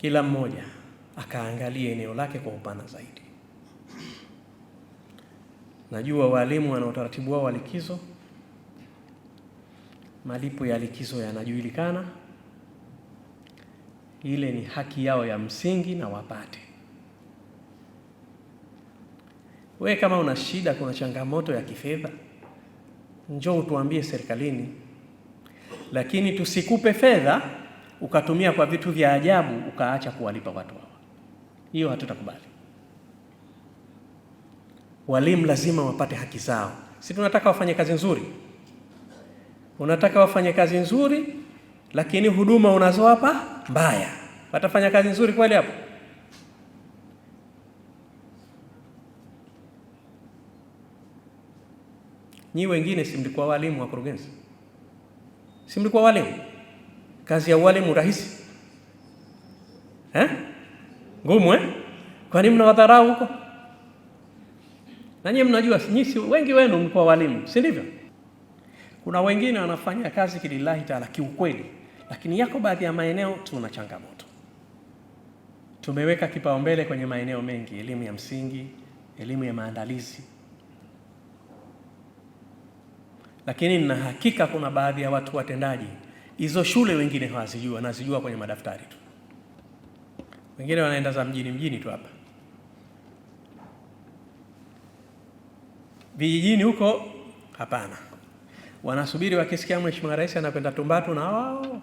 kila mmoja akaangalie eneo lake kwa upana zaidi. Najua walimu wana utaratibu wao wa likizo, malipo ya likizo yanajulikana, ile ni haki yao ya msingi na wapate. We kama una shida, kuna changamoto ya kifedha, njoo utuambie serikalini, lakini tusikupe fedha ukatumia kwa vitu vya ajabu ukaacha kuwalipa watu hawa, hiyo hatutakubali. Walimu lazima wapate haki zao. Si tunataka wafanye kazi nzuri, unataka wafanye kazi nzuri, lakini huduma unazowapa mbaya. Watafanya kazi nzuri kweli hapo? Nyi wengine si mlikuwa walimu, wakurugenzi? Si mlikuwa walimu? Kazi ya walimu rahisi eh? Ngumu eh? Kwa nini mnawadharau huko? Na nyinyi mnajua, nyinyi wengi wenu mkuwa walimu, si ndivyo? Kuna wengine wanafanya kazi kililahi taala kiukweli, lakini yako baadhi ya maeneo tuna changamoto. Tumeweka kipaumbele kwenye maeneo mengi, elimu ya msingi, elimu ya maandalizi, lakini nina hakika kuna baadhi ya watu watendaji Hizo shule wengine hawazijua, wanazijua kwenye madaftari tu, wengine wanaenda za mjini mjini tu hapa vijijini huko hapana, wanasubiri wakisikia Mheshimiwa Rais anakwenda Tumbatu na wao